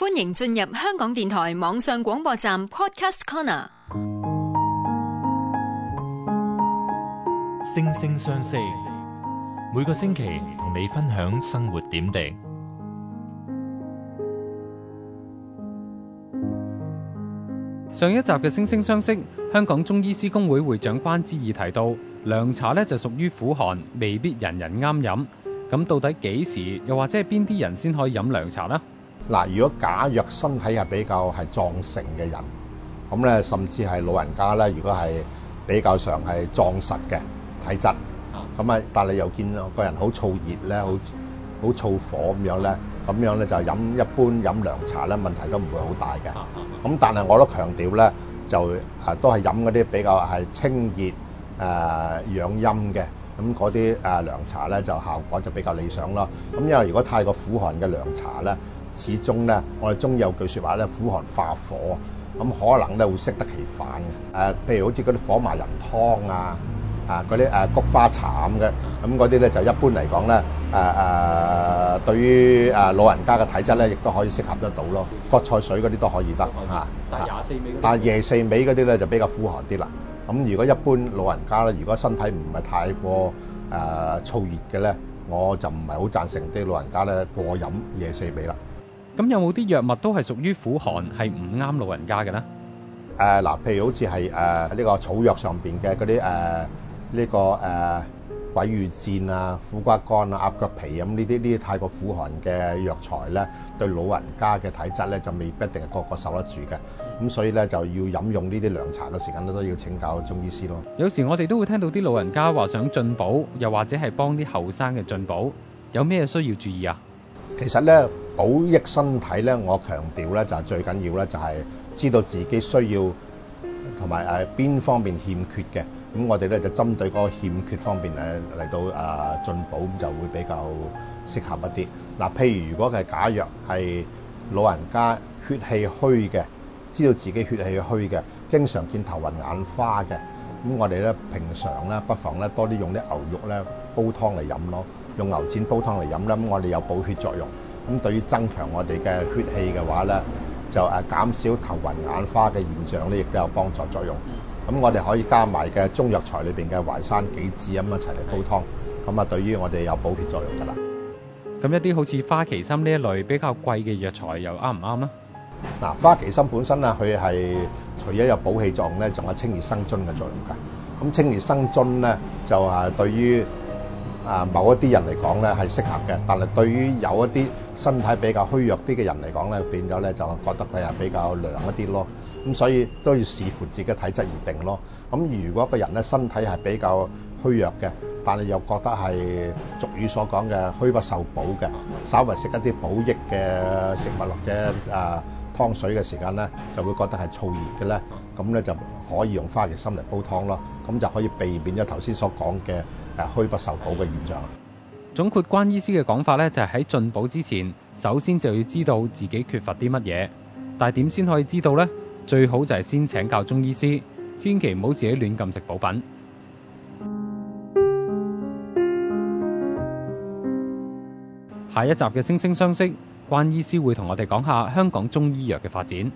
歡迎進入香港電台網上廣播站 Podcast Corner。星聲相識，每個星期同你分享生活點滴。上一集嘅星聲相識，香港中醫師工會會長關之義提到，涼茶呢就屬於苦寒，未必人人啱飲。咁到底幾時又或者係邊啲人先可以飲涼茶呢？嗱，如果假若身體係比較係壯盛嘅人，咁咧甚至係老人家咧，如果係比較上係壯實嘅體質，咁啊，但係你又見個人好燥熱咧，好好燥火咁樣咧，咁樣咧就飲一般飲涼茶咧，問題都唔會好大嘅。咁但係我都強調咧，就啊都係飲嗰啲比較係清熱誒、呃、養陰嘅咁嗰啲誒涼茶咧，就效果就比較理想咯。咁因為如果太過苦寒嘅涼茶咧，始終咧，我哋中醫有句說話咧，苦寒化火，咁可能咧會適得其反嘅。譬、呃、如好似嗰啲火麻仁湯啊，啊嗰啲誒菊花茶咁嘅，咁嗰啲咧就一般嚟講咧，誒、啊、誒、啊、對於老人家嘅體質咧，亦都可以適合得到咯。葛菜水嗰啲都可以得吓。但係廿四味，但，但廿四味嗰啲咧就比較苦寒啲啦。咁如果一般老人家咧，如果身體唔係太過誒、呃、燥熱嘅咧，我就唔係好贊成啲老人家咧過飲廿四味啦。咁有冇啲藥物都係屬於苦寒，係唔啱老人家嘅呢？誒、呃，嗱，譬如好似係誒呢個草藥上邊嘅嗰啲誒呢個誒鬼羽箭啊、苦瓜乾啊、鴨腳皮咁，呢啲呢啲太過苦寒嘅藥材咧，對老人家嘅體質咧就未必一定係個個受得住嘅。咁所以咧就要飲用呢啲涼茶嘅時間咧都要請教中醫師咯。有時我哋都會聽到啲老人家話想進補，又或者係幫啲後生嘅進補，有咩需要注意啊？其實咧。補益身體咧，我強調咧就係最緊要咧，就係知道自己需要同埋誒邊方面欠缺嘅咁，我哋咧就針對嗰個欠缺方面咧嚟到誒進補，就會比較適合一啲嗱。譬如如果係假若係老人家血氣虛嘅，知道自己血氣虛嘅，經常見頭暈眼花嘅，咁我哋咧平常咧不妨咧多啲用啲牛肉咧煲湯嚟飲咯，用牛展煲湯嚟飲啦。咁我哋有補血作用。咁對於增強我哋嘅血氣嘅話咧，就誒減少頭暈眼花嘅現象咧，亦都有幫助作用。咁我哋可以加埋嘅中藥材裏邊嘅淮山、杞子咁一齊嚟煲湯。咁啊，對於我哋有補血作用噶啦。咁一啲好似花旗參呢一類比較貴嘅藥材又對不對，又啱唔啱咧？嗱，花旗參本身啊，佢係除咗有補氣作用咧，仲有清熱生津嘅作用嘅。咁清熱生津咧，就係、是、對於。啊，某一啲人嚟講咧係適合嘅，但係對於有一啲身體比較虛弱啲嘅人嚟講咧，變咗咧就覺得佢係比較涼一啲咯。咁所以都要視乎自己體質而定咯。咁如果個人咧身體係比較虛弱嘅，但係又覺得係俗語所講嘅虛不受補嘅，稍為食一啲補益嘅食物或者啊湯水嘅時間咧，就會覺得係燥熱嘅咧。咁咧就可以用花旗參嚟煲湯咯，咁就可以避免咗頭先所講嘅誒虛不受補嘅現象。總括關醫師嘅講法咧，就係喺進補之前，首先就要知道自己缺乏啲乜嘢，但係點先可以知道呢？最好就係先請教中醫師，千祈唔好自己亂咁食補品。下一集嘅星聲相識，關醫師會同我哋講下香港中醫藥嘅發展。